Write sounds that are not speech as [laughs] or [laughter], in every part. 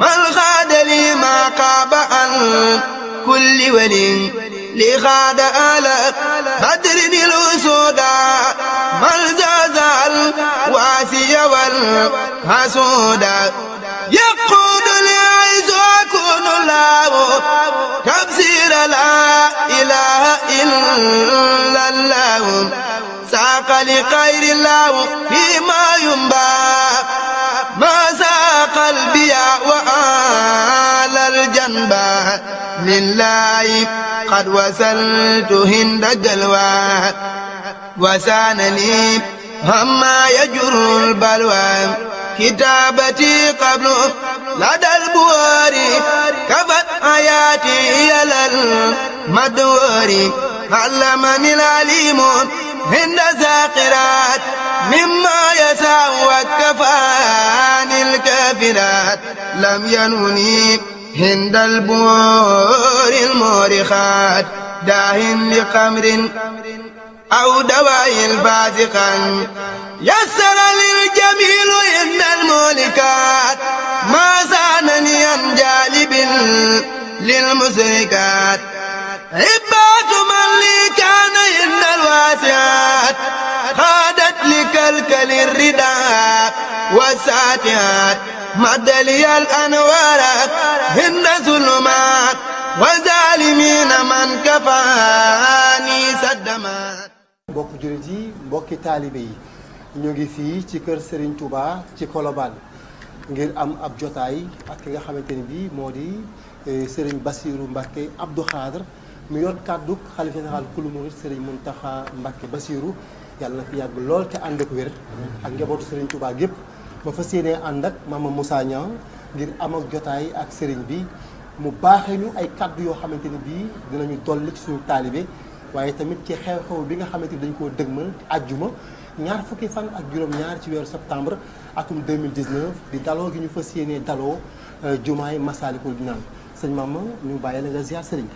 ما الغاد لي ما قاب عن كل ولي لغاد على بدر الوسودا من الزازال واسي والحسودا يقول العز وكون الله تبصير لا إله إلا الله ساق لخير الله فيما ينبغي لله قد وصلت هند جلوى وسانني هما يجر البلوى كتابتي قبل لدى البوار كفت حياتي إلى المدور علمني العليم هند ذاقرات مما يسع وكفاني الكافرات لم ينوني هند البور المورخات داهن لقمر أو دواء فاسقا يسر للجميل إن المولكات ما زانني عن جالب للمسركات عبات من لي كان إن الواسعات خادت لكلكل الرداء وساتيات مدلي الأنوار هند ظلمات وظالمين من كفاني سدمات بوك جردي بوك طالبي نيغي في تي كير سيرن توبا تي كولوبال غير ام اب جوتاي اك ليغا خامتيني بي مودي إيه، سيرن باسيرو مباكي عبد الخادر مي كادو خليفه جنرال كل مورد سيرن منتخا مباكي باسيرو يالا في لول تي اندك وير اك جابوت سيرن توبا غيب ma fas yéenee ànd ak Mama Moussa Niang ngir am ak jotaay ak sëriñ bi mu baaxee ñu ay kàddu yoo xamante ni bii dinañu dolli ci suñu taalibe waaye tamit ci xew-xew bi nga xamante ni dañ koo dëgmal ajjuma ñaar fukki fan ak juróom-ñaar ci weeru septembre atum 2019 di daloo gi ñu fas yéenee daloo euh, jumaay Masaalikul Jinaan sëñ Mama ñu bàyyi la nga ziar sëriñ bi.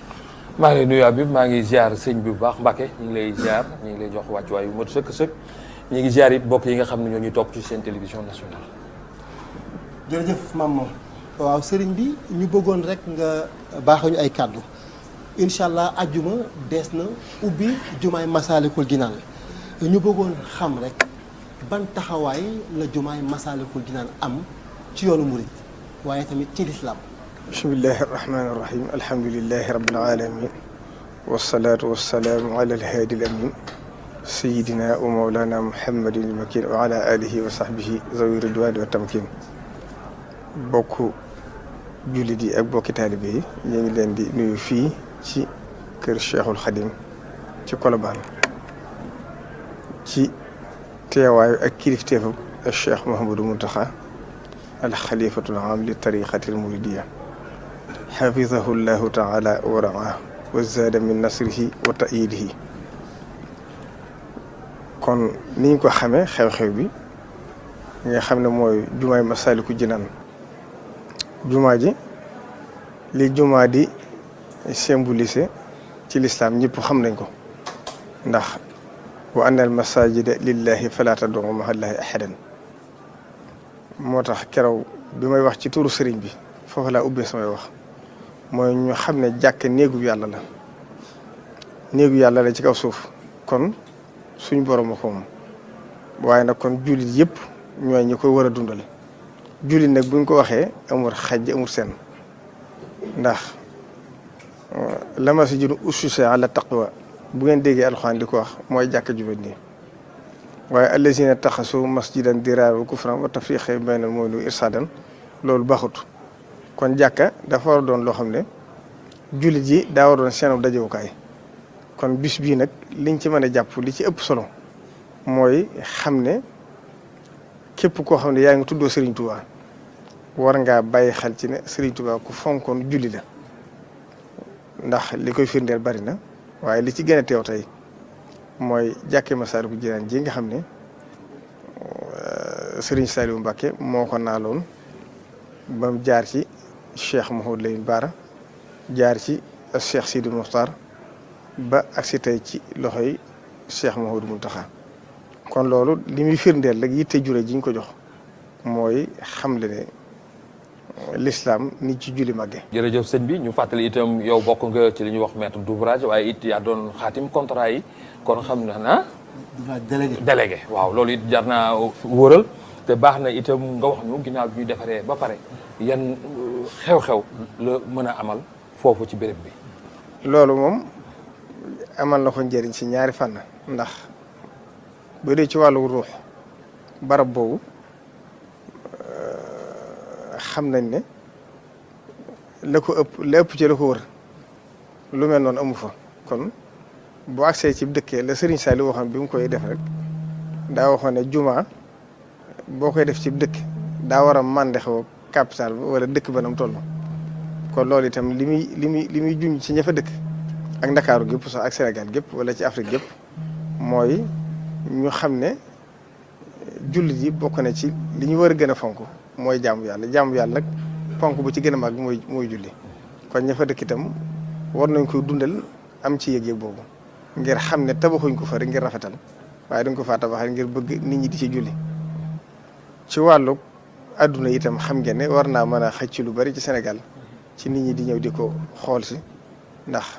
maa ngi lay nuyu Habib maa ngi ziar sëñ bi bu baax mbake ñu ngi lay ziar ñu ngi lay jox wàccuwaay yu mot sëkk sëkk. ñu ngi ziar yi nga xam ne ñoo ñuy topp ci seen télévision nationale. jërëjëf Maman sëriñ bi ñu bëggoon rek nga baaxuñu ay kàddu incha allah ajjuma dees na ubbi jumaay Masaalikul Jinaan ñu bëggoon xam rek ban taxawaay la jumaay Masaalikul Jinaan am ci yoonu murid waaye tamit ci lislaam bismillahi arrahmani arrahim alhamdulilahi rabbil alamin wasalaatu wasalaamu ala alhaadi alamin سيدنا ومولانا محمد المكين وعلى آله وصحبه ذوي الرضوان والتمكين بوكو جولدي اك بوكي طالبي نيغي لين دي نيو في تي كير الخديم تي كولبان تي تيواي اك كريفتيف الشيخ محمود المنتخى الخليفة العام لطريقة المريدية حفظه الله تعالى ورعاه وزاد من نصره وتأييده kon ni ñu ko xamee xew-xew bi nga xam ne mooy jumaay Masaalikul Jinaan jumaa ji li jumaa di symboliser ci lislaam ñëpp xam nañ ko ndax wa anna al masajida lillahi fala tad'u ma'a llahi ahadan moo tax kerew bi may wax ci turu sëriñ bi foofu laa ubbee samay wax mooy ñu xam ne jàkk néegu yàlla la néegu yàlla la ci kaw suuf kon suñ borom a ko moom waaye nag kon jullit yëpp ñooy ñi koy war a dundal jullit nag buñ ko waxee amul xaj amul seen ndax euh, lama si jun la ala taqwa bu ngeen déggee alxuraan di ko wax mooy jàkk jubét nii waaye allazina taxasu masjidan diraar wa kufran wa tafriqe baynal mu'minin irsadan loolu baaxut kon jàkka dafa war doon loo xam ne jullit yi daa war doon seenu dajewukaay kon bis bii nag liñ ci mën a jàpp li ci ëpp solo mooy xam ne képp koo xam ne yaa ngi tuddoo Serigne Touba war ngaa bàyyi xel ci ne Serigne Touba ku fonkoon julli la ndax li koy firndeel bari na waaye li ci gën a teew tey mooy jàkkee Masaalikul Jinaan jii nga xam ne euh, Serigne Saliou Mbacké moo ko naaloon ba mu jaar ci Cheikh Mouhamadou Lamine Bara jaar ci Cheikh Sidi Mokhtar ba agsi tey ci loxoy Cheikh Mouhamadou taxa kon loolu li muy firndeel rek yitte jure ji ko jox mooy xamle ne l'islam ni ci julli màgge jërëjëf sëñ bi ñu fàttali itam yow bokk nga ci li ñuy wax maître d'ouvrage waaye it yaa doon xaatim contrat yi kon xam na na délégué délégué waaw loolu it jar naa wóoral te baax na itam nga wax ñu ginnaaw bi ñu defaree ba pare yan xew-xew la mën a amal foofu ci béréb bi loolu moom amal na ko njëriñ ci ñaari fànn ndax bu dee ci wàllu ruux barab boobu euh, xam nañ ne la ko ëpp la ëpp ci la ko wër lu mel noonu amu fa kon boo agsee ci dëkkee la Serigne Saliou waxoon bi mu koy def rek daa waxoon ne juma boo koy def ci bu dëkk daa war a màndexoo capital ba wala dëkk ba nam toll kon loolu itam li muy li muy li muy juñ ci ña fa dëkk ak ndakaaru gépp sax ak Sénégal gépp wala ci Afrique gépp mooy ñu xam ne julli yi bokk na ci li ñu war a gën a fonk mooy jaamu yàlla jaamu yàlla nag fonk bu ci gën a mag mooy mooy julli kon ña dëkk itam war nañ koy dundal am ci yëg-yëg boobu ngir xam ne tabaxuñ ko fa ngir rafetal waaye dañ ko faa tabaxal ngir bëgg nit ñi di ci julli ci wàllu adduna yitam xam ngeen ne war naa mën a xëcc lu bari ci Sénégal ci nit ñi di ñëw di ko xool si ndax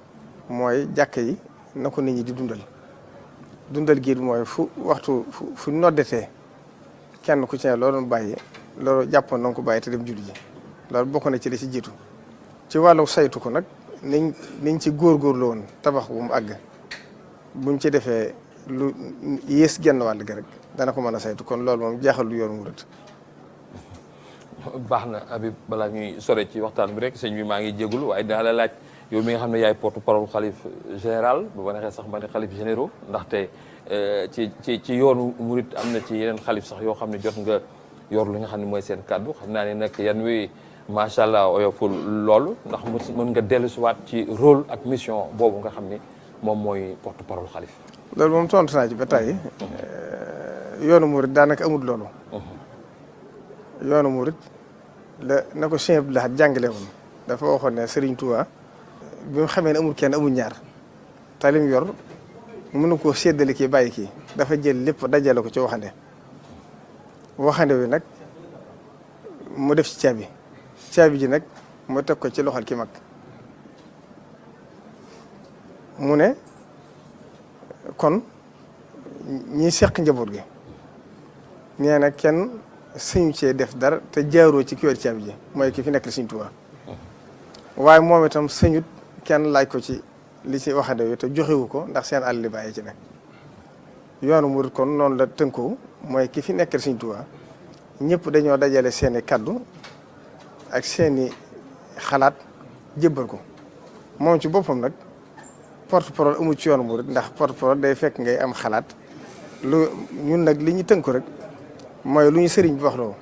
mooy jàkk yi na ko nit ñi di dundal dundal gi mooy fu waxtu fu fu noddetee kenn ku ci ne loo doon bàyyi loolu jàppoon na ko bàyyi te dem julli ji loolu bokk na ci li ci jiitu ci wàllu saytu ko nag niñ niñ ci góorgóorlu woon tabax mu àgg buñ ci defee lu yées genn wàll gi dana ko mën a saytu kon loolu moom jaaxal lu yoon wurat baax na Habib balaa ñuy sore ci waxtaan bi rek sëñ bi maa ngi jégul waaye dinaa la laaj yow mi nga xam ne yaay porte parole xalif général bu ma neexee sax ma ne xalif généraux ndaxte ci ci ci yoonu murit am na ci yeneen xalif sax yoo xam ne jot nga yor li nga xam ne mooy seen kàddu xam naa ne nag yan wi macha allah oyoful loolu ndax mën nga dellusiwaat ci rôle ak mission boobu nga xam ne moom mooy porte parole xalif. loolu moom tontu naa ci ba tey yoonu murit daanaka amul loolu. yoonu murit la na ko Cheikh Abdou Lahad jàngale woon dafa waxoon ne Serigne Touba. bi mu xamee na amul kenn amul ñaar taalim yor mënu koo séddale kii bàyyi ki dafa jël lépp dajale ko ci waxande waxande wi nag mu def ci caabi caabi ji nag mu teg ko ci loxol ki mag mu ne kon ñi seq njaboot gi nee na kenn suñu cee def dara te jaaroo ci ki yor caabi ji mooy ki fi nekk Sëriñ Tuubaa mm-hmm. waaye moom itam sëñut kenn laaj ko ci li ci waxande wi te joxewu ko ndax seen àll li bàyyi ci ne yoonu murit kon noonu la tënkoo mooy ki fi nekkal Sëriñ Tuubaa ñëpp dañoo dajale seeni kàddu ak seeni xalaat jébbal ko moom ci boppam nag porte parole amu ci yoonu murit ndax porte parole day fekk ngay am xalaat lu ñun nag li ñu tënku rek mooy lu ñu sëriñ bi wax loo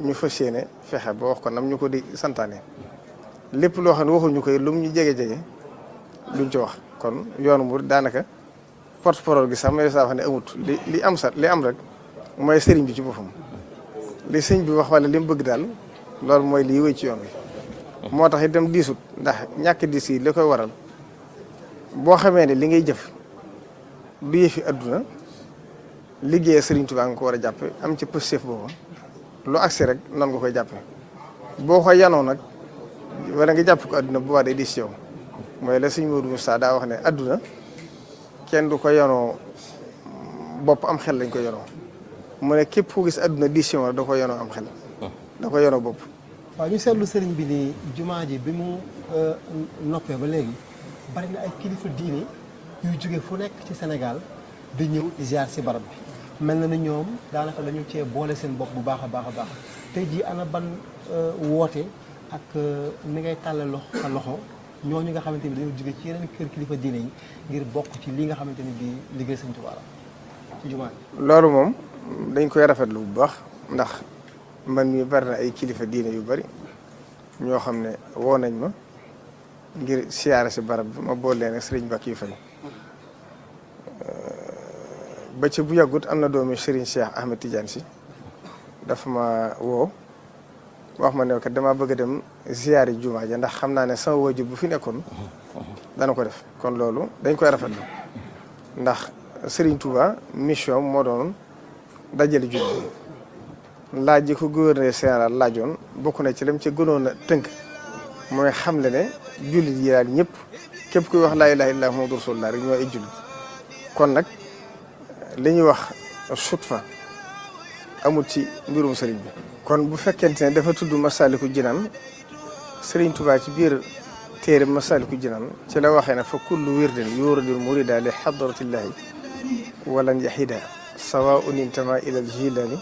ñu fas yéene fexe ba wax ko nam ñu ko di santaane lépp loo xam ne waxuñu koy lum ñu jege jege duñ ci wax kon yoonu mu daanaka porte parole gi sax may saa wax ne amut li am sax li am rek mooy sëriñ bi ci boppam li sëñ bi wax wala li mu bëgg daal loolu mooy liy wéy ci yoon bi moo tax itam diisut ndax ñàkk diis yi li koy waral boo xamee ne li ngay jëf du yëfi adduna liggéey Sëriñ Tuubaa nga ko war a jàppe am ci positif boobu lu agsi rek noonu nga koy jàppe boo ko yanoo nag wala nga jàpp ko adduna bu baax day dis ci yow mooy la sëñ Modou Moussa daa wax ne adduna kenn du ko yonoo bopp am xel lañ ko yonoo mu ne képp ku gis adduna dis ci yow da ko yonoo am xel da ko yonoo bopp waaw ñu seetlu sëriñ bi nii jumaa ji bi mu euh, noppee ba léegi bari na ay kilifa diine yuy jóge fu nekk ci Sénégal di ñëw di si barab bi mel na ni ñoom daanaka dañu cee boole seen bopp bu baax a baax a baax tey jii ana ban euh, woote ak euh, ni ngay tàllal loxo sa loxo ñooñu nga xamante ni dañoo jóge ci yeneen kër kilifa diine yi ngir bokk ci li nga xamante ni bii liggéey Sëñ Tuubaa loolu moom dañ koy rafetlu bu baax ndax man mi bari na ay kilifa diine yu bari ñoo xam ne woo nañ ma ngir siyaare si barab bi ma boole leen ak Serigne Bakki Faye euh, bu yàggut am na doomi Serigne Cheikh Ahmed Tidiane si dafa ma woo. wax ma ne kat damaa bëgg a dem ziyaari jumaa ja ndax xam naa ne sama waajur bu fi nekkoon dana ko def kon loolu dañ koy rafetlu ndax sëriñ Touba mission moo doon dajale julli laaj ji ko gouverneur général laajoon bokk na ci lam ci gënoon a tënk mooy xamle ne jullit yi daal ñëpp képp kuy wax laa ilaaha illallaah Muhammadu rasuulullaah rek ñoo ay jullit kon nag li ñuy wax sut fa amul ci mbirum sëriñ bi kon bu fekkente ne dafa tuddu masaliku Jinaan serigne touba ci bir téré masaliku Jinaan ci la waxé na fa kullu wirdin yuridul murida li xadratillaahi walan yahida sawaun intama ila aljilaani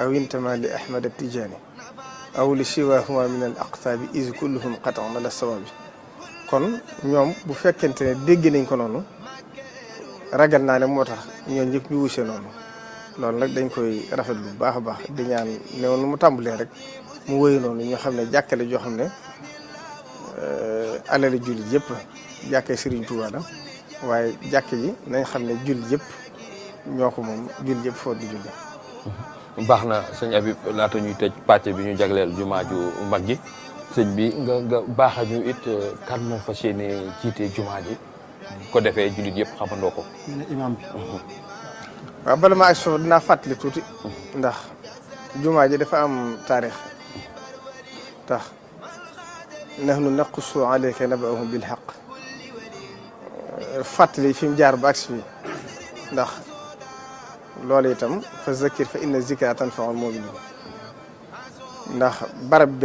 aw intama li ahmad attijaani aw li siwahuma min al aqtaabi is kulluhum qatan ala sawabi kon ñom bu fekkente ne dégg nañ ko nonu ragal na ne motax ñoo ñep ñu wuse nonu loolu nag dañ koy rafet bu baax a baax di ñaan noonu mu tàmbulee rek mu wéyu noonu ñu xam ne jàkkale joo xam ne euh, alali jullit yëpp jàkkee Serigne Touba waaye jàkk ji nañ xam ne jullit yëpp ñoo ko moom jullit yëpp foofu di julli baax na sëñ laata ñuy tëj pàcc bi ñu jagleel jumaa ju mag ji sëñ bi nga nga baaxa it euh, kan moo fas yéene jiite jumaa ji ko defee jullit yëpp xamandoo ko ربما أشوفنا فاتلي توتي ده جمعة جدة فهم تاريخ ده نحن نقص عليك نبعهم بالحق فاتلي في مجار باكسفي ده لولي تم فالذكر فإن الذكر تنفع المؤمنين ده برب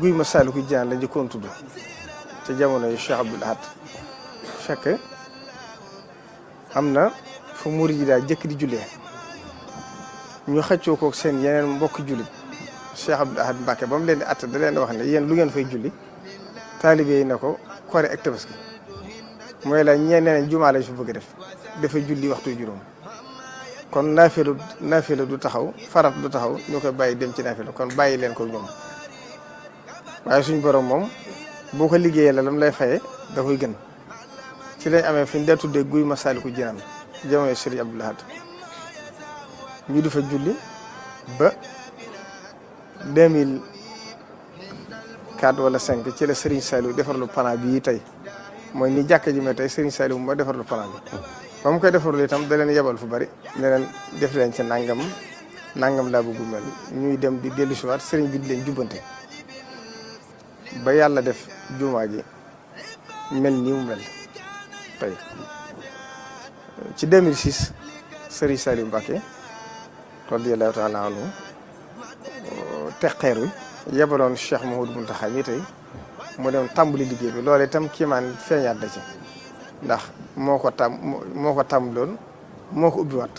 قوي مسالك جان لجي كنت دو تجمعنا الشعب بالحد شكرا am na fu murid yi daa jëkk di jullee ñu xëccoo kook seen yeneen mbokk jullit Cheikh Abdou Ahad Mbacké ba mu leen di atta da leen di wax ne yéen lu ngeen fay julli taalibe yi ne ko koré ak tabaski mooy la ñeen neen jumaa lañ fi bëgg def dafay julli waxtu juróom kon naafila naafila du taxaw farat du taxaw ñu koy bàyyi dem ci naafila kon bàyyi leen ko ñoom waaye suñ borom moom boo ko liggéeyee la lam lay fayee da koy gën ci lañ amee fi ñu daa tuddee guy Masaalikul Jinaan jamono Sëriñ Abdul Ahad ñu di fa julli ba 2004 wala 5 ci la Serigne Saliou defar lu plan bii tey mooy ni jàkka ji ma tey Serigne Saliou moo defar lu plan ba mu koy defarul itam da leen yebal fu bari ne leen def leen ci nangam nangam laa bëgg ñuy dem di dellu si waat Serigne bi di jubbante ba yàlla def jumaa ji mel nii mel. tey ci 2006 Serigne Saliou Mbacké radiyallahu taala anhu euh, teqeer wi yebaloon Cheikh Mouhamadou Mountakha mi tey mu dem tàmbali liggéey bi loolu tam kiimaan feeñaat da ci ndax moo ko tam moo ko tàmbaloon moo ko ubbiwaat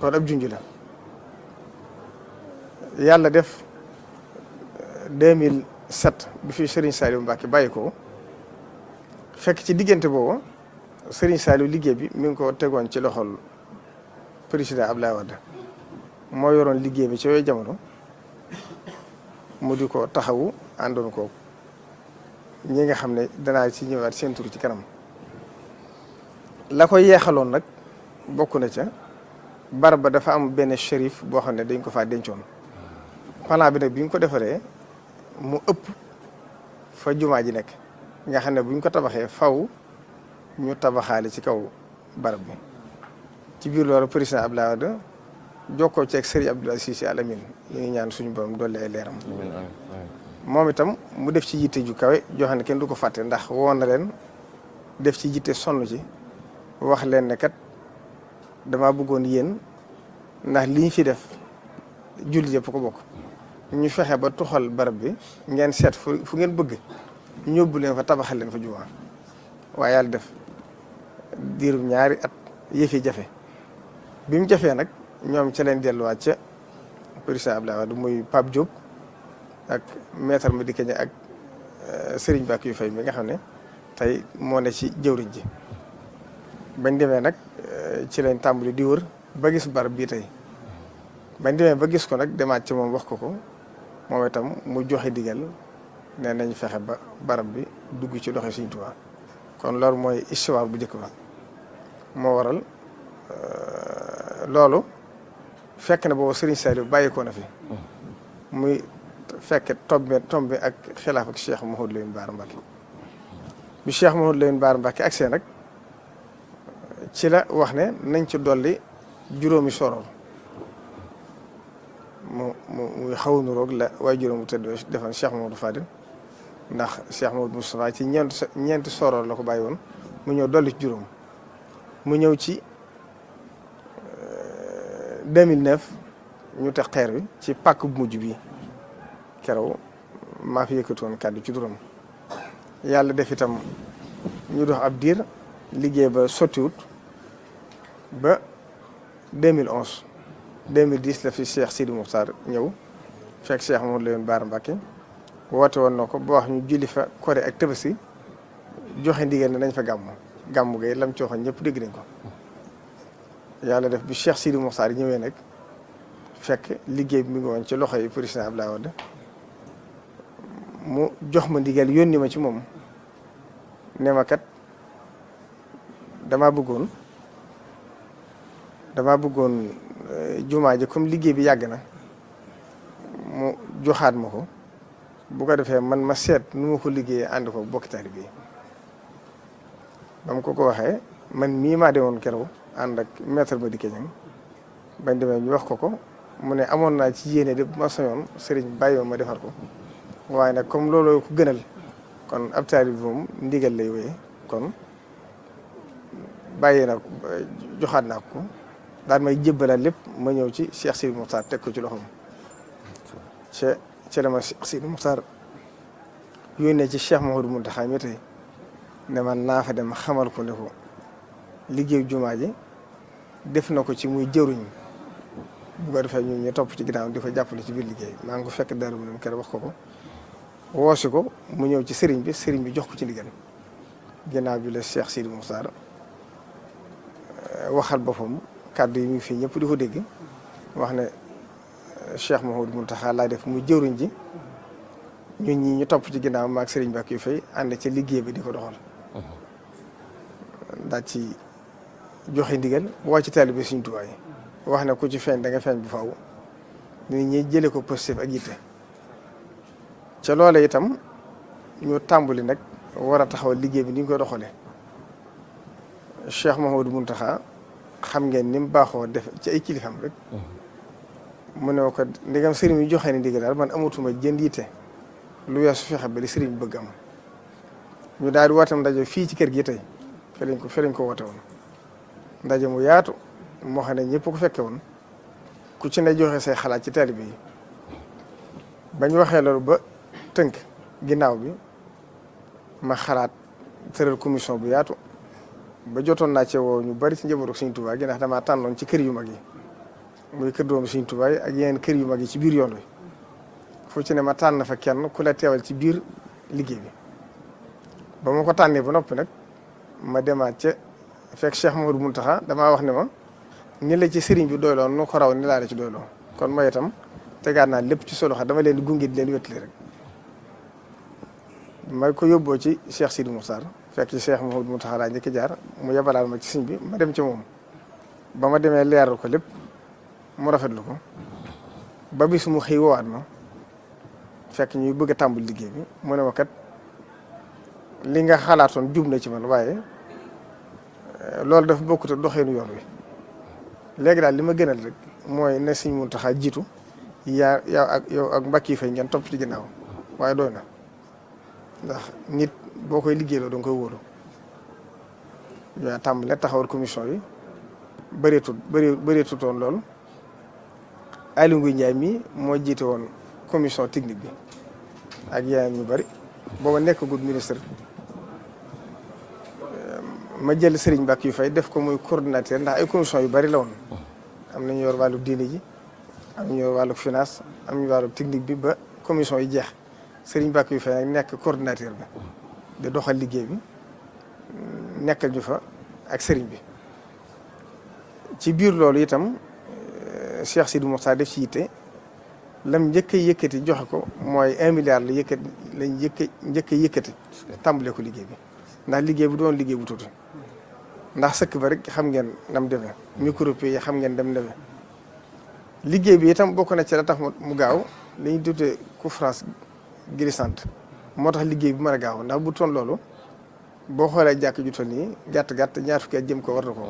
kon ab junj la yàlla def 2007 euh, bi fi Serigne Saliou Mbacké bàyyi ko. fekk ci diggante boobu Serigne Saliou liggéey bi mi ngi ko tegoon ci loxol président Abdoulaye Wade moo yoroon liggéey bi ci yooyu jamono mu di ko taxawu àndoon ko ñi nga xam ne danaa ci ñëwaat seen ci kanam la ko yeexaloon nag bokk na ca barab ba dafa am benn shérif boo xam ne dañ ko fa dencoon plan bi nag bi ñu ko defaree mu ëpp fa jumaa ji nekk nga xam ne buñ ko tabaxee faw ñu tabaxaale ci kaw barab bi ci biir loolu président Abdoulaye Wade jokkoo ceeg Serigne Abdoulaye si Al Amine ñu ngi ñaan suñu borom doole ay leeram moom itam mu def ci yitte ju kawe joo xam kenn du ko fàtte ndax woon na leen def ci yitte sonn ci wax leen ne kat dama bëggoon yéen ndax liñ ñu fi def julli yëpp ko bokk ñu fexe ba tuxal barab bi ngeen seet fu fu ngeen bëgg ñóbbu leen fa tabaxal leen fa jumaa waaye yàlla def diirub ñaari at yëfi jafe bi mu jafee nag ñoom ca leen delluwaat ca président Abdoulaye muy Pape Diop ak maître ak euh, Serigne Bakk yu mi nga xam ne tey moo ci jëwriñ ji bañ demee nag euh, ci lañ tàmbali di wër ba gis barab bi tey bañ demee ba gis ko nag demaat ci moom wax ko ko moom itam mu joxe digal ne nañ fexe ba barab bi dugg ci loxo Sëriñ Tuubaa kon loolu mooy histoire bu njëkk ba moo waral euh, loolu fekk na boobu Serigne Saliou bàyyi ko na fi muy fekk tombe bi ak xilaaf ak Cheikh Mouhamadou Lamine Bara Mbacké bi Cheikh Mouhamadou Lamine Bara Mbacké ak seen nag ci la wax ne nañ ci dolli juróomi soroor mu mu muy xaw nuroog la waaye juróom bu tëdd defan Cheikh Mouhamadou Fadil ndax Cheikh Maodo Moustapha ci ñeent ñeenti soroor la ko bàyyi woon mu ñëw dolli ci juróom mu ñëw ci 2009 euh, ñu te xeer wi ci pàkk bu mujj bi keroog maa fi yëkkatoon kàddu ci juróom yàlla def itam ñu dox ab diir liggéey ba sottiwut ba 2011 2010 la fi Cheikh Sidi Mokhtar ñëw fekk Cheikh Maodo la yoon Baara Mbacke woote woon na ko ba wax ñu julli fa kore ak tabaski joxe ndigal ne nañ fa gàmm gàmm gay lam ci waxoon ñëpp dégg nañ ko yàlla def bi Cheikh Sidi Moussa ñëwee nag fekk liggéey bi mi ngi ci loxo yi président Abdoulaye Wade mu jox ma ndigal yónni ma ci moom ne ma damaa bëggoon dama bëggoon eh, jumaa ji comme liggéey bi yàgg na mu joxaat ma ko bu ko defee man ma seet nu ma ko liggéeyee ànd ko bokki taalibe bi ba mu ko ko waxee man mii maa demoon keroog ànd ak maître ba dikkee ñam bañ demee ñu wax ko ko mu ne amoon naa ci yéene de ma soñoon sëriñ bàyyi ma ma defar ko waaye nag comme looloo ko gënal kon ab taalibe bi moom ndigal lay wéyee kon bàyyi na ko joxaat naa ko daal may jébbalaat lépp ma ñëw ci Cheikh Sidi Mokhtar teg ko ci loxoom. ci la ma Sidi Muxtaar yónnee ci Cheikh Mouhamadou Mountakha mi tey ne man naa fa dem xamal ko ne ko liggéey jumaa ji def na ko ci muy jëruñ bu ko defee ñun ñu topp ci ginnaaw di ko jàppale ci biir liggéey maa ngi ko fekk dara mu ne kër wax ko ko woosi ko mu ñëw ci sëriñ bi sëriñ bi jox ko ci ndigal ginnaaw bi la Cheikh Sidi Muxtaar eh, waxal boppam kàddu yi mu fii ñëpp di ko dégg wax ne Cheikh Mouhamadou Mountakha laa def muy jëwriñ ji ñun ñi ñu topp ci ginnaaw maag Serigne Mbacke Faye ànd ci liggéey bi di ko doxal. daa ci joxe ndigal woo ci taalibe Serigne Touba wax ne ku ci feeñ da nga bu faw nit ñi jële ko positif ak yitte ca loolee itam ñu tàmbali nag war a taxawal liggéey bi ni ñu koy doxalee Cheikh Mouhamadou Mountakha xam ngeen ni mu baaxoo def ci ay kilifam rek. mu ne ko ndigam sëriñ bi joxe ne ndigal daal man amatuma jënd yitte lu weesu fexe ba li sëriñ bëgg am ñu daal di wootam ndaje fii ci kër gi tey fi ko fi ko woote woon ndaje mu yaatu moo xam ne ñëpp ko fekkee woon ku ci ne joxe say xalaat ci taalibe yi bañ waxee loolu ba tënk ginnaaw bi ma xalaat tëral commission bu yaatu ba jotoon naa ci woo ñu bari ci njabootu Sëriñ Tuubaa gi ndax damaa tànnoon ci kër yu mag yi mu kër doomu Sëriñ Tuubaa ak yeneen kër yu mag yi ci biir yoon wi fu ci ne ma tànn fa kenn ku la teewal ci biir liggéey bi ba ma ko tànnee ba noppi nag ma demaat ca fekk Cheikh Mamadou Mountakha damaa wax ne ma ni la ci sëriñ bi doyloo nu ko raw ni laa la ci doyloo kon mooy itam tegaat naa lépp ci solo xa dama leen di gunge di leen wétali rek ma ko yóbboo ci Cheikh Sidi Moukhtar fekk ci Cheikh Mamadou Mountakha laa njëkk jaar mu yebalaal ma ci sëriñ bi ma dem ci moom ba ma demee leeral ko lépp mu rafet rafetlu ko ba bis mu xëy woowaat ma fekk ñuy bëgg a tàmbali liggéey bi mu ne ma kat li nga xalaatoon jub na ci man waaye eh, loolu dafa bokkut ak doxeenu yoon wi léegi daal li ma gënal rek mooy ne mun Muntaxa jiitu yaa yaa ak yow ak mbàkk yi fay ngeen topp ci ginnaaw waaye dooy na ndax nit boo koy liggéey loo danga koy wóolu yaa tàmbale taxawal commission yi bi bëreetut bëri bëreetutoon lool Aly Ngouille Ndiaye mii moo jiite woon commission technique bi ak yaayam ñu bari booba nekk gudd ministre ehm, ma jël Serigne Mbacke yu fay def ko muy coordinateur ndax ay commission yu bari la woon am na ñu yor wàllu diine ji am nañu yor wàllu finance am nañu wàllu technique bi ba commission yi jeex Serigne Mbacke yu fay nekk coordinateur bi di doxal liggéey bi nekkal ñu fa ak sëriñ bi ci biir loolu itam. Cheikh Sidi Moxtaar def ci yitte lam njëkk a yëkkati joxe ko mooy un milliard la yëkkati lañ njëkk a njëkk a yëkkati tàmbale ko liggéey bi ndax liggéey bi doon liggéey bu tuuti ndax sëkk ba rek xam ngeen nam demee micro yi xam ngeen dem demee liggéey bi itam bokk na ci la tax mu gaaw li ñu tuddee couvrage glissante moo tax liggéey bi mën a gaaw ndax bu toon loolu boo xoolee jàkk ju toll nii gàtt gàtt ñaar fukki at jëm ko war ko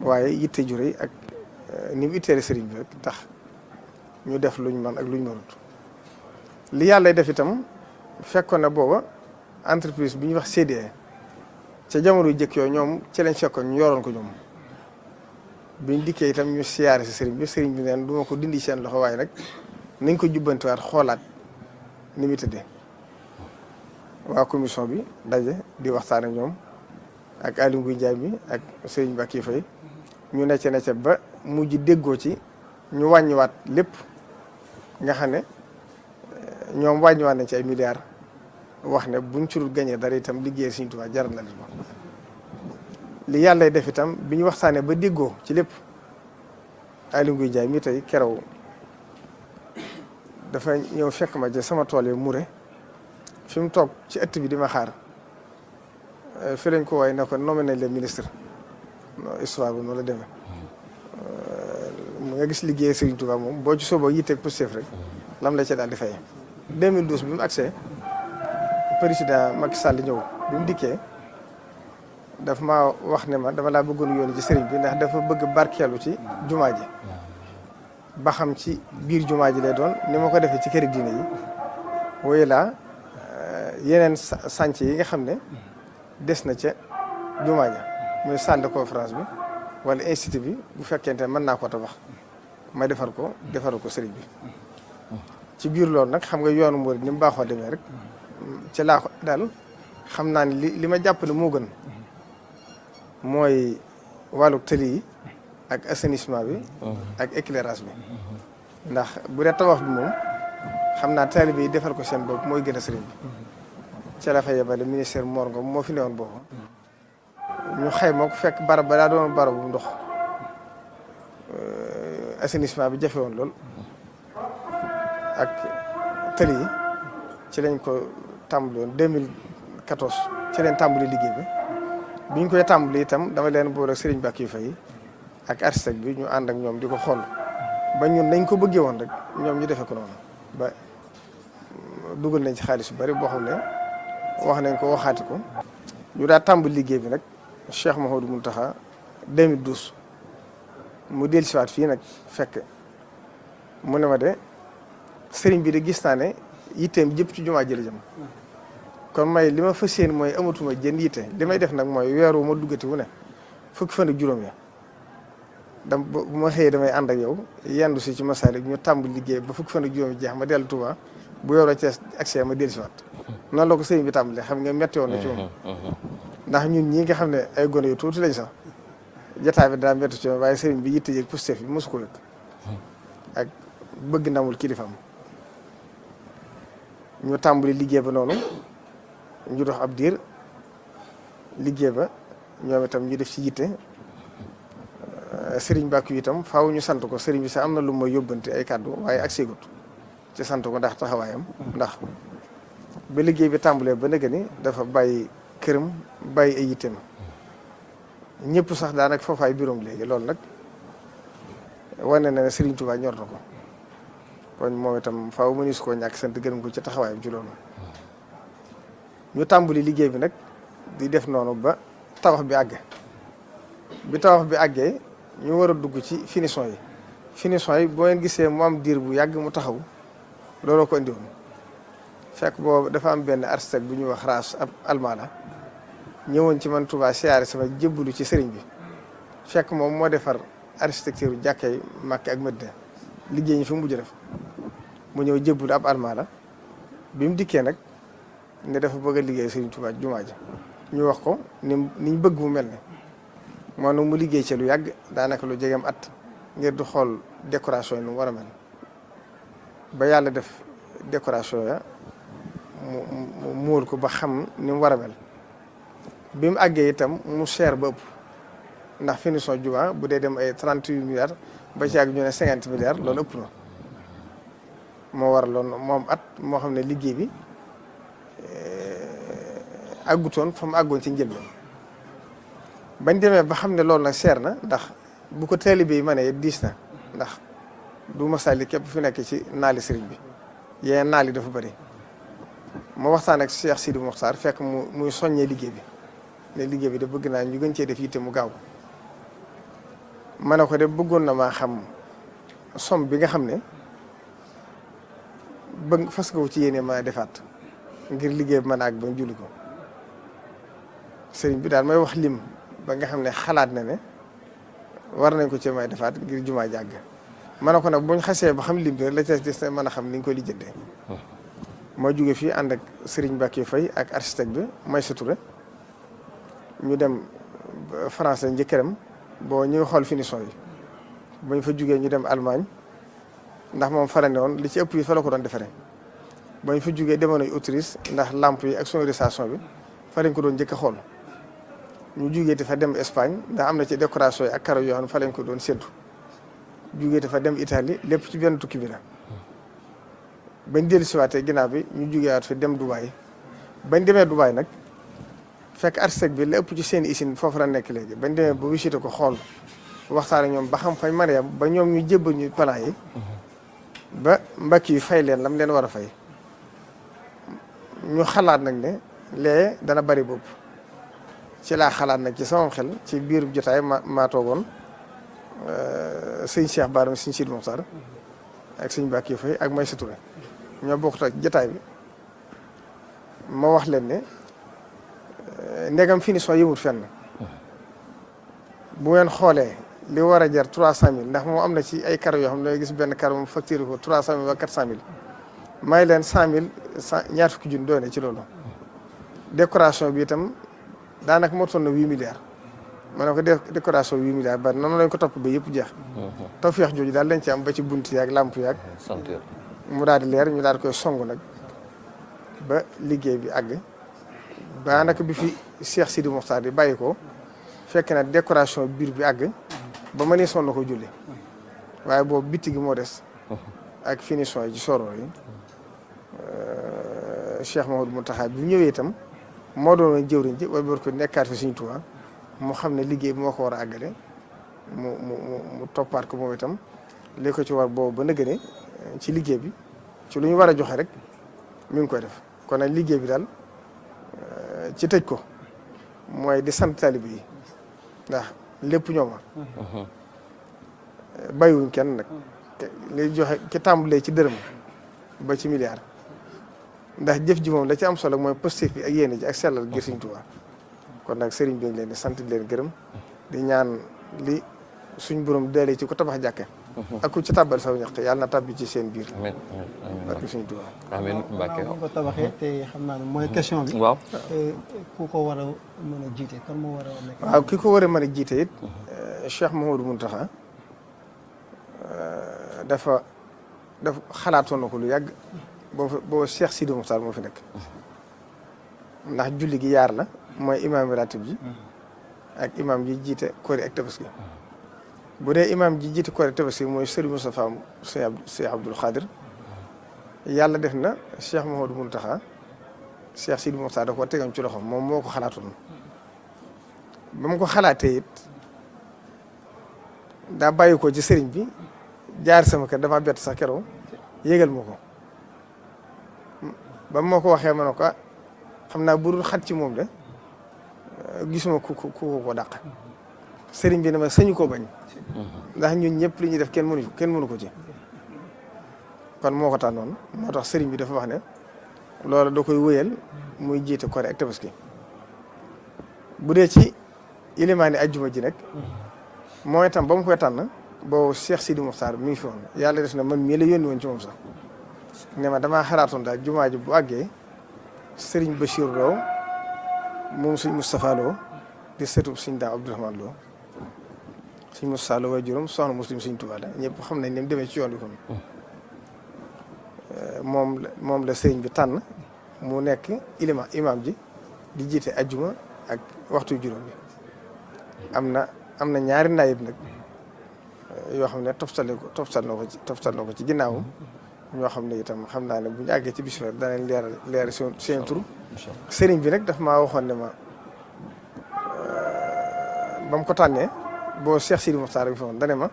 waaye yitte jure ak ni mu itteele sëriñ bi rek tax ñu def luñ man ak luñ mënut li yàlla def itam fekkoon na booba entreprise bi ñuy wax CDE ca jamono jëkk yooyu ñoom ci lañ fekkoon ñu yoroon ko ñoom biñ dikkee itam ñu siyaare si sëriñ bi sëriñ bi neen du ko dindi seen loxo waaye rek nañ ko jubbantiwaat xoolaat ni mu tëddee waa commission bi daje di waxtaan ak ñoom ak Aliou Ngouille Ndiaye mi ak sëriñ Mbacke Faye ñu necce necce ba mujj déggoo ci ñu wàññiwaat lépp nga xam ne eh, ñoom waat nañ ci ay milliards wax ne buñ ci dul gañee dara itam liggéey Sëriñ Tuubaa jaral na leen li yàlla def itam bi ñu waxtaanee ba déggoo ci lépp Aly Ngouille Ndiaye mi tey kerew dafa ñëw fekk ma ci sama tool yi mure fi mu toog ci ëtt bi di ma xaar eh, fi lañ ko waaye ne ko nommé nañ leen ministre histoire bi noonu la demee nga gis liggéey Serigne Touba moom boo ci sooboo yitteeg positif rek lam la ca daal di fay. 2012 bi mu agsee président Macky Sall ñëw bi mu dikkee daf ma wax ne ma dafa laa bëggoon yoon ci Serigne bi ndax dafa bëgg barkeelu ci jumaa ji ba xam ci biir jumaa ji lay doon ni ma ko defee ci kër diine yi wooyu eh, yeneen sànc yi nga xam ne des na ca jumaa ja muy salle de bi wala institut bi bu fekkente ne mën naa ko tabax ma defar ko defar ko sëriñ bi ci biir lool nag xam nga yoonu murid ni mu baaxoo demee rek ci laa ko daal xam naa ne li li ma jàpp ne moo gën mooy wàllu tëli yi ak assainissement bi ak éclairage bi ndax bu dee tabax bi moom xam naa taalibe yi defal ko seen bopp mooy gën a sëriñ bi ci la fa yebale ministère Mor Ngom moo fi newoon boobu ñu xayma ko fekk barab ba daa doon barabu ndox euh, assainissement bi jafe woon lool ak tëli yi ci lañ ko tàmbali woon 2014 ci leen tàmbali liggéey bi bi ñu koy tàmbali itam dama leen boole ak Serigne Bakio fay ak architecte bi ñu ànd ak ñoom di ko xool ba ñun nañ ko bëggee woon rek ñoom ñu defee ko noonu ba dugal nañ ci xaalis bu bari boo xam ne wax nañ ko waxaati ko ñu daa tàmbul liggéey bi nag. Cheikh Mahoudou Mountakha 2012 mu dellusiwaat fii nag fekk mu ne ma de sëriñ bi de gis naa ne yitteem jëpp ci jumaa jëla jëm kon may li ma fas yéene mooy amatuma jën yitte li may def nag mooy weeru ma duggati wu ne fukki fan ak juróom ya dam bu ma xëyee damay ànd ak yow yendu si ci masaalik ñu tàmbali liggéey ba fukki fan ak juróom jeex ma dellu Tuubaa bu yoroo ci accès ma dellusiwaat noonu la ko sëriñ bi tàmbalee xam nga metti woon na ci moom ndax ñun ñi nga xam ne ay gone yu tuuti lañ sax jotaay bi daa métti ci waaye sëriñ bi yitte yeeg positif bi mosu ko yëg ak bëgg ndamul kilifaam ñu tàmbali liggéey ba noonu ñu dox ab diir liggéey ba ñoom itam ñu def ci yitte sëriñ Bakku itam faaw ñu sant ko sëriñ bi sax am na lu ma yóbbante ay kàddu waaye ak seegut ci sant ko ndax taxawaayam ndax ba liggéey bi tàmbalee ba nëgë ni dafa bàyyi këram bàyyi ay yitteem ñëpp sax daanaka foofaay buroom léegi loolu nag wane na ne Serigne Touba ñor na ko kon moom itam faaw mu su koo ñàkk sent gërëm ko ci taxawaayam ci loolu ñu tàmbali liggéey bi nag di def noonu ba tabax bi àgg bi tabax bi àggee ñu war a dugg ci finition yi finition yi boo leen gisee mu am diir bu yàgg mu taxaw looloo ko indiwoon fekk boobu dafa am benn architecte bu ñuy wax raas ab almaana ñëwoon ci man Touba siyaare sama jébbalu ci sëriñ bi fekk moom moo defar architecture jàkka yi Màkka ak Madina liggéey ñi fi mu mujj def mu ñëw jébbalu ab armala bi mu dikkee nag def dafa bëgg a liggéey sëriñ tubaa jumaa ñu wax ko ni niñ bëgg mu mel ne maanaam mu liggéey ci lu yàgg daanaka lu jegem at ngir du xool décoration yi nu mu war a mel ba yàlla def décoration ya mu mu muul ko ba xam ni mu war a mel bi mu àggee itam mu cher ba ëpp ndax finition jumaa bu dee dem ay trente huit milliards ba ci àgg ñu ne cinquante milliards loolu ëpp na moo war loon moom at moo xam ne liggéey bi eh, àggutoon fa mu ci njëlbeen bañ demee ba xam ne loolu nag cher na ndax bu ko taalibe yi ma ne diis na ndax du masaali képp fi nekk ci naali sëriñ bi yee naal dafa bëri ma waxtaan ak Cheikh Sidi Mokhtar fekk mu muy soññee liggéey bi ne liggéey bi de bëgg naa ñu gën cee def yitte mu gaaw ma ne ko de bëggoon na maa xam som bi nga xam ne bëgg fas ko ci yéene maa defaat ngir liggéey bi mën a àgg ba julli ko sëriñ bi daal may wax lim ba nga xam ne xalaat na ne war nañ ko cee may defaat ngir jumaa jàgg man ne ko nag buñ xasee ba xam lim bi la ca des mën a xam ni ñu koy lijjantee ah. ma jóge fii ànd ak sëriñ Mbacke Faye ak architecte bi Maysa Touré ñu dem français njëkkëram boo ñuy xool finition yi ba fa jugee ñu dem Allemagne ndax moom fa la li ci ëpp yi fa la ko doon defaree ba ñu fa jugee demoon nañu Autriche ndax lampe yi ak sonorisation bi fa lañ ko doon njëkk a xool ñu jugee te fa dem Espagne ndax am na ci décoration yi ak karo yoo xam ne fa ko doon séddu jugee te fa dem Italie lépp ci benn tukki bi la bañ dellusiwaatee ginnaaw bi ñu jugeewaat fi dem Dubaï bañ demee Dubaï nag. fekk architecte bi la ëpp ci seen usine foofu la nekk léegi bañ demee ba visité ko xool waxtaan ñoom ba xam fañ mën ba ñoom ñu jébbal ñu plan yi. ba mbakk yi fay leen lam leen war a fay. ñu xalaat nag ne lee dana bari bopp ci laa xalaat nag ci sama xel ci biiru jotaay ma maa toogoon sëñ Cheikh Baram sëñ Sidi Moxtar ak sëñ Mbacke Faye ak Maysa Touré ñoo bokkut ak jotaay bi ma wax leen ne. Eh, ndegam finition yëwut fenn bu ngeen xoolee li war a jar trois cent mille ndax moom am na ci ay karo yoo xam ne gis benn kar moom facture ko trois cent mille ba quatre cent mille may leen cent mille cent ñaar fukki junni doone ci loolu décoration bi itam daanaka moo toll na huit milliards ma ne ko décoration huit milliards bari noonu lañ ko topp ba yëpp jeex mhm. tawfeex jooju daal lañ ci am ba ci bunt yaag làmp yaag mu daal di leer ñu daal di koy song nag ba liggéey bi àgg daanaka bi fi Cheikh Sidi Mokhtar di bàyyi ko fekk na décoration biir bi àgg ba ma ni sonn ko julli waaye boobu bitti gi moo des ak finition yi ci soro yi euh, Cheikh bi ñëwee itam moo doon jëwriñ nekkaat fi suñu Tuubaa mu xam ne liggéey bi moo ko war a àggale mu mu mu toppaat ko moom itam li ko ci war boobu ba nëgëne ci liggéey bi ci lu ñu war a joxe rek mu ngi koy def kon nag liggéey bi daal. ci tëj ko mooy di sant taalibe yi ndax lépp ñoo ma uh-huh. bàyyiwuñ kenn nag uh-huh. li joxe ki tàmbalee ci dërëm ba ci milliard ndax jëf ji moom la ci am solo mooy positif bi ak yéene ji ak sellal ngir Sëriñ Tuubaa kon nag sëriñ bi leen di sant leen gërëm uh-huh. di ñaan li suñ borom dalee ci ko tabax jàkke ak ku ci tàbbal saw ñaq yàlla na tàbbi ci seen biir. amiin amiin ak suñu Tuubaa. amiin Mbàkke waaw ko tabaxee te xam naa ne mooy question bi. waaw ku ko war a mën a jiite kan moo war a nekk. waaw ki ko war a mën a jiite it. Cheikh Mouhamadou Mountakha dafa dafa xalaatoon na ko lu yàgg boo boo Cheikh Sidi Moukhtar moo fi nekk ndax julli gi yaar la mooy imaam ratib ji ak imaam yi jiite kori ak tabaski bu dee imaam ji jiite koor tabaski mooy Serigne Moustapha Cheikh Abdoul Khadir yàlla def na Cheikh Mouhamadou Mountakha Cheikh Sidi Moussa da ko tegam ci loxoom moom moo ko xalaatoon ba mu ko xalaatee it daa bàyyi ko ci sëriñ bi jaar sama kër dafa bett sax keroog yégal ma ko ba moo ko waxee ma ne ah, xam naa bu xat ci moom de gisuma ku ku ku ko dàq. sëriñ bi ne ma sañu koo bañ ndax ñun ñëpp li ñuy def kenn mënu kenn mënu ko ci kon moo ko tànnoon moo tax sëriñ bi dafa wax ne loolu da koy wëyal muy jiite koor ak tabaski bu dee ci ilimaani ajjuma ji nag mooy tam ba mu koy tànn boobu Cheikh Sidi mi ngi fi yàlla def na man mii la yónni woon ci moom sax ne damaa xalaatoon daal jumaa bu àggee sëriñ Bachir Lo moom suñ Moustapha di sëtu suñ daa Abdourahmane Lo suñ Moussa la waajuram soxna muslim suñ Tuubaa la ñëpp xam nañ ne mu demee ci yoon bi kon hmm. eh, moom la moom la sëriñ bi tànn mu nekk ilima imaam ji di jiite ajjuma ak waxtu juróom bi am na am na ñaari naayib nag eh, yoo xam ne toftale ko toftal na ko ci toftal na ko ci ginnaawam ñoo xam ne itam xam naa ne bu ñu àggee ci bis rek danañ leer leeral seen seen tur sëriñ bi nag daf ma waxoon ne ma eh, ba mu ko tànnee boo Cheikh Sidi Mokhtar bi fa woon dane ma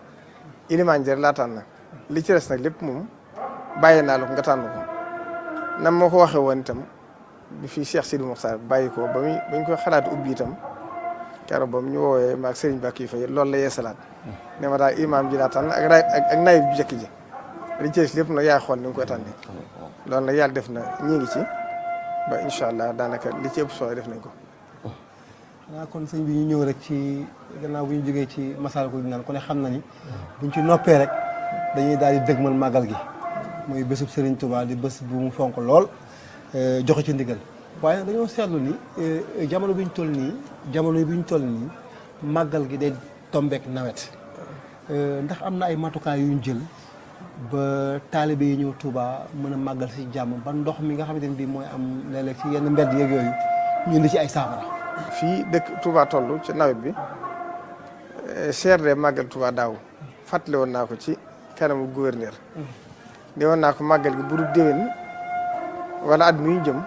ilimaan jër laa tànn li ci des nag lépp moom bàyyi naa la ko nga tànn ko moo ko waxee woon itam bi fii Cheikh Sidi Mokhtar bàyyi ko ba muy koy xalaat ubbi itam keroog ba mu ñu woowee maag Serigne Bakk yi fa loolu la yeesalaat ne ma daal imaam ji laa tànn ak ak naayib ju jëkk ji li ci des lépp nag yaa xool ni nga koy tànnee mm-hmm. loolu nag yàlla def na ñi ngi ci ba incha allah daanaka li ci ëpp solo def nañ ko xanaa kon sëñ bi ñu ñëw rek ci gannaaw bu ñu jógee ci Masaalikul Jinaan ku ne xam na ni buñ ci noppee rek dañuy daal di dëgmal màggal gi muy bésu sëriñ Touba di bës bu mu fonk lool eh, joxe ci ndigal waaye nag dañoo seetlu ni eh, jamono bi ñu toll nii jamono bi ñu toll nii màggal gi day tombeek nawet eh, ndax am na ay matukaay yu ñu jël ba taalibe yi ñëw tuubaa mën a màggal si jàmm ba ndox mi nga xamante ne bii mooy am léeg-léeg ci yenn mbedd yeeg yooyu ñu indi ci ay saafara. fii dëkk Touba toll ci nawet bi eh, CRD màggal Touba daaw fàttali woon naa ko ci kanamu gouverneur. ne woon naa ko màggal gi bu dul déwén wala at mi jëm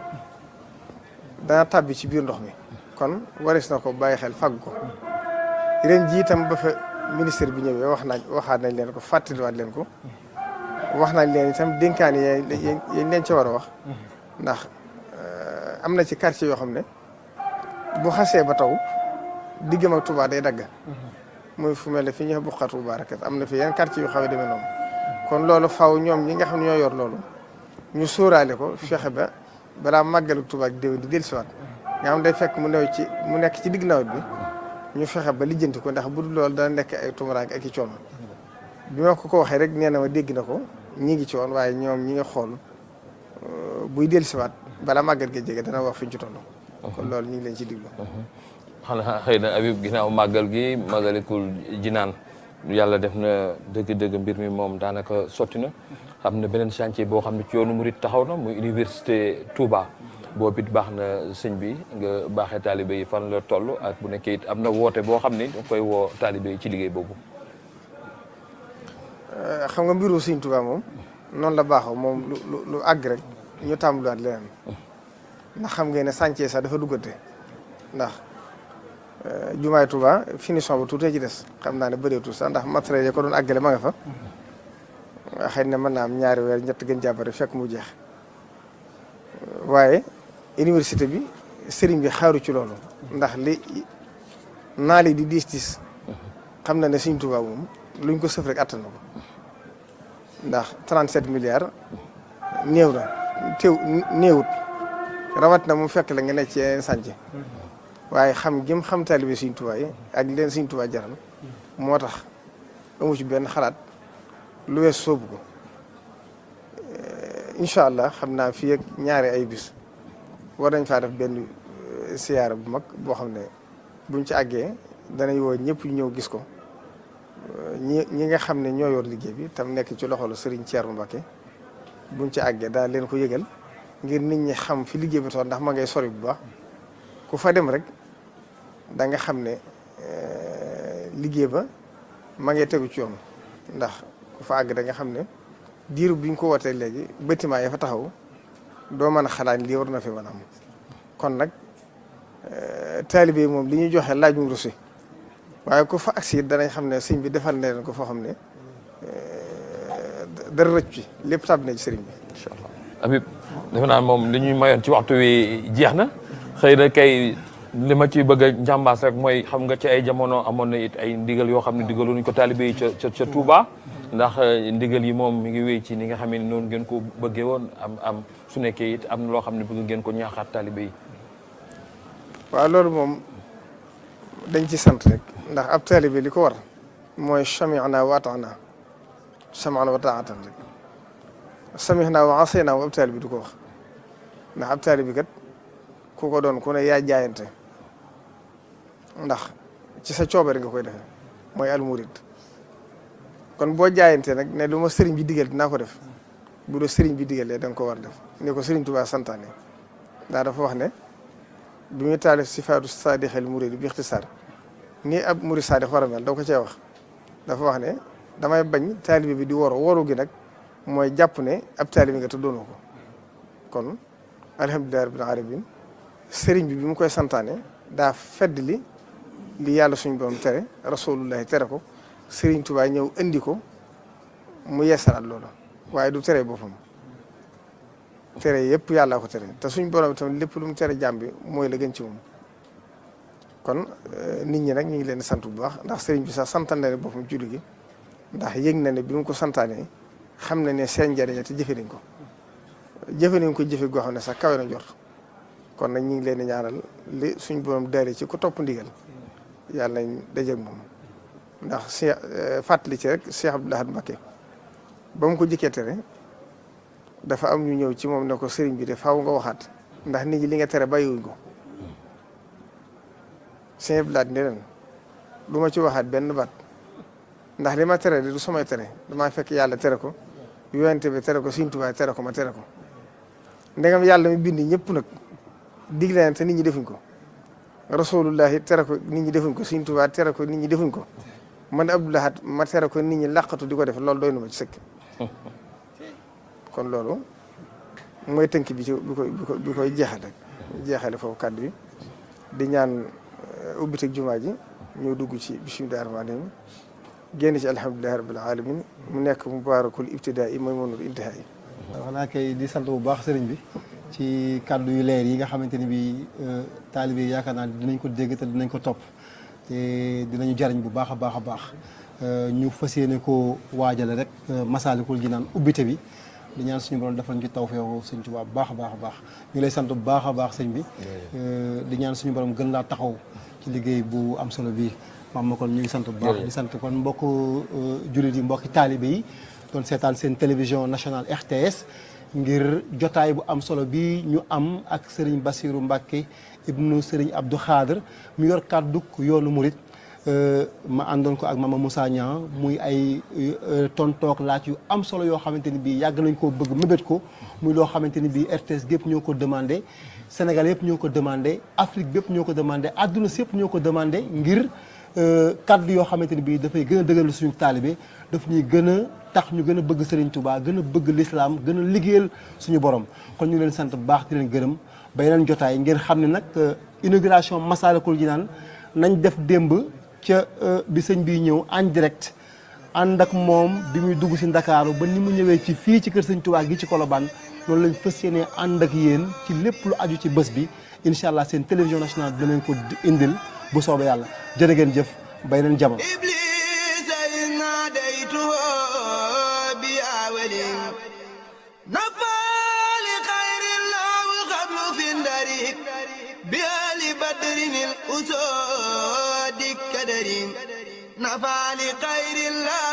dana tabi ci biir ndox mi kon waris na ko bàyyi xel fag ko ren jii itam ba fa ministère bi ñëwee wax nañ waxaat nañ leen ko fàttaliwaat leen ko wax nañ leen itam dénkaan war a wax ndax eh, am na ci quartier yoo xam ne. bu xasee ba taw diggam ak Touba day dagg. muy fu mel ne fi ñu buqatu barakat am na fi yenn quartier yu xaw a demee noonu. kon loolu faw ñoom ñi nga xam ne ñoo yor loolu ñu sóoraale ko fexe ba balaa màggalu Touba ak di dellusiwaat nga xam day fekk mu new ci mu nekk ci digg nawet bi ñu fexe ba lijjanti ko ndax bu dul loolu dana nekk ay tumuraank ak i ma ko ko waxee rek nee na ma dégg na ko ñi ci woon waaye ñoom ñi nga xool euh, buy dellusiwaat balaa màggal gi jege dana wax fi ñu ci toll. kon loolu ñu ngi leen ci diglu uh-huh. xanaa xëy na Habib ginnaaw màggal gi màggalikul jinaan yàlla def na dëgg-dëgg mbir mi moom daanaka sotti na xam uh-huh. na beneen chantier boo xam ne ci yoonu murit taxaw na muy université Touba uh-huh. boobu baax na sëñ bi nga baaxee taalibe yi fan la toll ak bu nekkee it am na woote boo xam ne da koy woo taalibe yi ci liggéey boobu. Uh, xam nga mbiru sëñ Touba moom noonu la baaxoo moom lu lu àgg rek ñu tàmbaliwaat leneen. ndax xam ngeen ne chantier sax dafa duggante ndax euh, jumaay Tuuba finition bi tuutee ci des xam naa ne bëreetul sax ndax matériel ya ko doon àggale ma nga fa mhm. xëy na mën naa am ñaari weer ñett gën jàppare fekk mu jeex waaye université bi sëriñ bi xaaru ci loolu mhm. ndax li naa li di diis diis mhm. xam na ne Sëriñ Tuuba moom luñ ko sëf rek attan na ko ndax 37 milliards néew na teew néewut rawat na mu fekk la nga ci yeneen waaye xam gim xam taalibe Sëriñ Tuubaa yi ak leen Sëriñ Tuubaa jaral moo tax amu ci benn xalaat lu wees soobu ko eh, incha allah xam naa fii ñaare ay bis war nañ faa def benn eh, siyaara bu mag boo xam ne buñ ci àggee danañ woo ñëpp ñu ñëw gis ko eh, ñi ñi nga xam ne ñoo yor liggéey bi tam nekk ci loxol Serigne Thierno Mbacké buñ ci àggee daal leen ko yëgal ngir nit ñi xam fi liggéey bi toon ndax ma ngay sori bu baax ku fa dem rek da nga xam ne liggéey ba ma ngay tegu ci yoon ndax ku fa àgg da nga xam ne diiru bi ñu ko wootee léegi bâtiment ya fa taxaw doo mën a xalaat lii war na fi mën am kon nag taalibe yi moom li ñu joxe laaj mu rusi waaye ku fa agsi danañ xam ne sëñ bi defal na leen ko foo xam ne dara rëcc ci lépp tab na ci sëriñ bi incha allah defe naa moom li ñuy mayoon ci waxtu wi jeex na xëy na kay li ma ci bëgg a njàmbaas rek mooy xam nga ci ay jamono amoon na it ay ndigal yoo xam ne digaloon ko taalibe yi ca ca Touba. ndax eh, ndigal yi moom mi ngi wéy ci ni nga xam ne noonu ngeen ko bëggee woon am am su nekkee it am na loo xam ne bëgg ngeen ko ñaxaat taalibe yi. waaw loolu moom dañ ci sant rek ndax ab taalibe li ko war mooy sami'na wa ata'na sami'na wa ta'atan rek. samihna wa asayna wa ab taali bi du ko wax ndax ab taali bi kat ku ko doon ku ne yaa jaayante ndax ci sa coobare nga koy defee mooy almurid kon boo jaayante nag ne lu ma sëriñ bi digal dinaa ko def bu doo sëriñ bi digalee da nga ko war def ne ko sëriñ Tuubaa santaane daa dafa wax ne bi muy taalif sifaatu saadixel murid bi ixtisaar nii ab murid saadix war a mel doo ko cee wax dafa wax ne damay bañ taalibe bi di woro woru gi nag mooy jàpp ne ab taalibi nga te doonoo ko kon alhamdulilah rabbil alamin sëriñ bi bi mu koy santaane daa fedd li li yàlla suñu borom tere rasulullahi tere ko sëriñ Tuubaa ñëw indi ko mu yeesalaat loolu waaye du tere boppam tere yëpp yàllaa ko tere te suñ borom itam lépp lu mu tere jàmm mooy la gën ci moom kon eh, nit ñi nag ñu ngi leen sant bu baax ndax sëriñ bi sax santaane boppam julli gi ndax yëg na ne bi mu ko santaanee xam na ne seen njëriñ te jëfe ko jëfe ko jëfe goo xam ne sax kawe na njort kon nag ñu ngi leen di ñaanal li suñ borom daari ci ku topp ndigal yàlla nañ dajeeg moom ndax si eh, fàttali ci rek Cheikh Abdoul Ahad Mbacké ba mu ko jëkkee tere dafa am ñu ñëw ci moom ne ko sëriñ bi de faw nga waxaat ndax nit ñi li nga tere bàyyiwuñ ko Cheikh Abdoul Ahad ne du ma ci waxaat benn baat ndax li ma tere de du samay tere damaa fekk yàlla tere ko yonente bi tere ko Sëriñ tere ko ma tere ko ndegam yàlla mi bind ñëpp nag digle na te nit defuñ ko rasulullahi tere ko nit ñi defuñ ko Sëriñ Tuubaa tere ko nit ñi defuñ ko man Abdou Lahad ma tere ko nit ñi làqatu di ko def loolu doy na ma ci sëkk [laughs] kon loolu mooy tënk bi ci bi koy bi koy jeexal rek foofu kàddu yi di ñaan eh, ubbiteg jumaa ji ñoo dugg ci bismillahi rahmaani rahim génn ci alhamdulilahi rabbil alamin mu nekk mubaarakul ibtidaa yi mooy mënul intihaa yi xanaa kay di sant bu baax sëriñ bi ci kàddu yu leer yi nga xamante ni bi euh, taalibe yi yaakaar naa nañ ko dégg te dinañ ko topp te dinañu jariñ bu baax a baax a baax euh, ñu fas yéene ko waajale rek euh, masaalikul naan ubbite bi di ñaan suñu borom defal ñu ci tawfeexu sëñ Tuubaa bu baax a baax a baax ñu lay sant bu baax a baax sëñ bi di ñaan suñu borom gën laa taxaw ci liggéey bu am solo bii ma Makhone ñu ngi sant bu baax di sant kon mbokku euh, jullit yi mbokki taalibe yi doon seetaan seen télévision nationale RTS ngir jotaay bu am solo bi ñu am ak Serigne Bassirou Mbacké ibnu Serigne Abdou Khadre mu yor kàddu yoonu murit euh, ma àndoon ko ak Mama Moussa Niang muy ay euh, tontoog laaj yu am solo yoo xamante ni bi yàgg nañ koo bëgg mébét ko muy loo xamante ni bii RTS gépp ñoo ko demandé Sénégal yëpp ñoo ko demandé Afrique bépp yëpp ñoo ko demandé ngir Euh, kaddu yoo xamante ni bii dafay gën a dëgëral suñu taalibe dafa ñuy gën a tax ñu gën a bëgg Serigne Touba gën a bëgg lislaam gën a liggéeyal suñu borom kon ñu leen sant bu baax di leen gërëm ba yeneen jotaay ngeen xam ne nag euh, inauguration Massalikul naan nañ def démb ca euh, bi sëñ bi ñëw en direct ak moom bi muy dugg si Ndakaaru ba ni mu ñëwee ci fii ci kër sëñ Touba gi ci Colobane loolu lañ fas yéenee ànd ak yéen ci lépp lu aju ci bés bi incha allah seen télévision nationale dinañ ko indil bu soobee yàlla jërë ngeen jëf bay leen jamono نفع لخير الله